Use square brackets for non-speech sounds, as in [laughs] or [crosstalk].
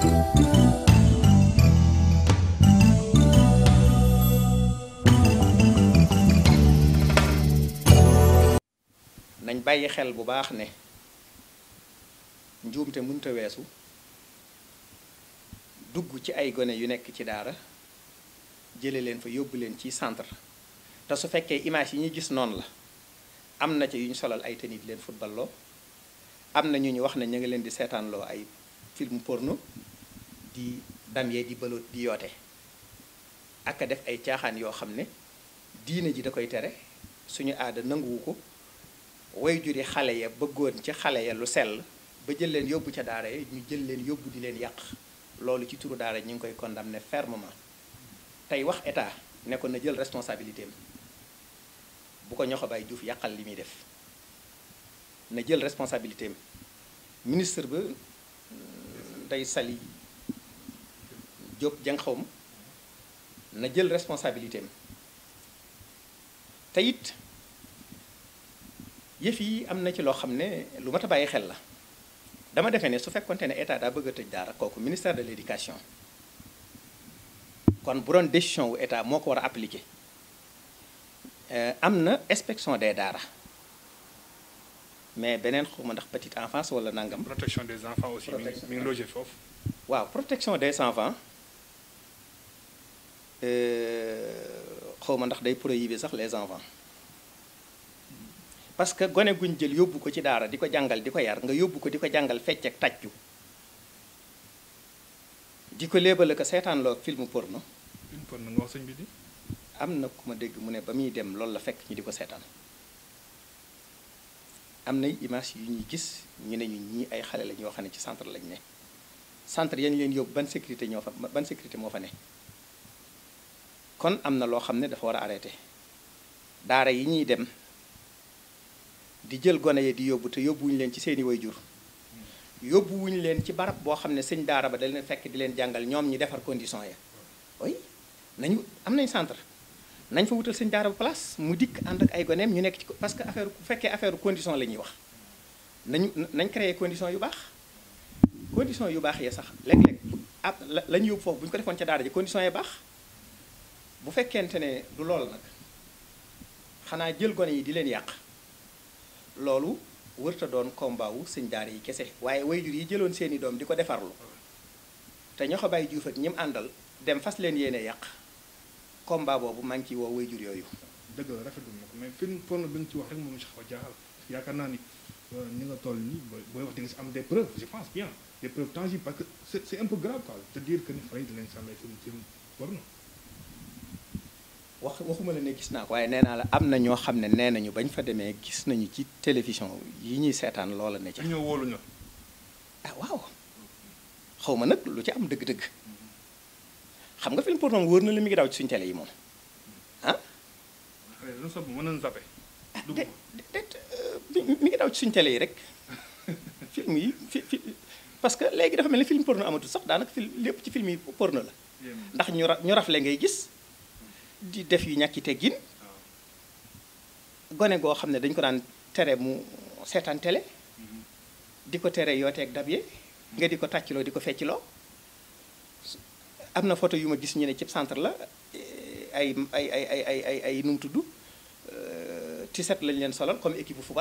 nañ bàyyi xel bu baax ne njuumte munta weesu dugg ci ay gone yu nekk ci daara jële leen fa yóbbu leen ci centre te su fekkee image yi ñu gis noonu la am na ci yu solal ay tenit leen football loo am na ñu ñu wax ne ñu ngi leen di seetaanloo ay film porno di damyee di bëloot di yoote ak a def ay caaxaan yoo xam ne diine ji da koy tere suñu aada nanguwu ko way juri xale ya bëggoon ci xale ya lu sell ba jël leen yóbbu ca daara ya ñu jël leen yóbbu di leen yàq loolu ci turu daara ñu ngi koy condamné fermement tey wax état ne ko na jël responsabilité am bu ko ñoxo bay Diouf yàqal li muy def na jël responsabilité am ba tey Sali Diop Diankhoum na jël responsabilité am te it yëf yi am na ci loo xam ne lu mat a bàyyi xel la dama defee ne su fekkonte ne état daa bëgg a tëj daara kooku ministère de l'éducation kon bu doon décision wu état moo ko war a appliquer euh, am na inspection des daara. mais beneen xawma ndax petite enfance wala nangam. protection des enfants aussi mi ngi mi ngi logé foofu. waaw protection des enfants euh, xawma ndax day prohiber sax les enfants parce que gone guñ jël yóbbu ko ci daara di ko jàngal di ko yar nga yóbbu ko di ko jàngal fecc ak tàccu di ko léebal ko seetaan loo film porno. film porno nga sëñ bi am na ku ma dégg mu ne ba muy dem loolu la fekk ñu di ko seetaan. am na image yu ñuy gis ñu ne ñu ñii ay xale la ñoo xam ne ci centre lañ ne centre yañ leen yóbbu ban sécurité ñoo fa ban sécurité moo fa ne kon am na loo xam ne dafa war a arrêté daara yi ñuy dem di jël gone yi di yóbbu te yóbbu yóbbuwuñu leen ci seeni jur wayjur yóbbuwuñu leen ci barab boo xam ne sëñ daara ba da leen fekk di leen jàngal ñoom ñi defar condition ya oui nañu am nañ centre nañ fa wutal sëñ daara place mu dikk ànd ak ay goneem ñu nekk ci parce que affaire bu fekkee affaire condition la ñuy wax nañu nañ créer condition yu baax condition yu baax yee sax léeg-léeg ab la ñu yóbbu foofu bu ñu ko defoon ca daara ji condition yi baax bu fekkente ne du lool nag xanaa jël gone yi di leen yàq loolu wërta doon combat wu sëñ daara yi kese waaye wayjur yi jëloon seeni doom di ko defarlu te ñoo ko bàyyi juuf ak ñim àndal dem fas leen yéene yàq combat boobu maa ngi ciy woo waajur yooyu. dëgg la rafetlu na ko ci wax rek moom si xaw a jaaxal naa ni euh, ni nga toll nii booy wax di nga am des preuves je pense bien des preuves tangibles parce que c'est c'est un peu grave quoi te dire que waxuma la ne gis naa ko waaye nee naa la am na ñoo xam ne nee nañu bañ fa demee gis nañu ci télévision yi ñuy seetaan loola ne ci. ñoo wóolu ñoo ah ma nag lu ci am dëgg-dëgg. xam nga film porno moom wër na li mi ngi daw ci suñu télé yi moom ah. yi rek [laughs] film yi parce que léegi dafa mel ni film porno amatul sax daanaka film lépp ci film yi porno la. ndax ñu ra ñu rafle ngay gis di def yu ñàkki teggin gone goo xam ne dañ ko daan tere mu seetaan télé mm-hmm. di ko tere yootee ak dab ye nga di ko tàccloo di ko feccloo. am na photo yu ma gis ñu ne ci centre la ay ay ay ay ay ay ay nu mu tudd euh, tiset lañ leen solal comme équipe bu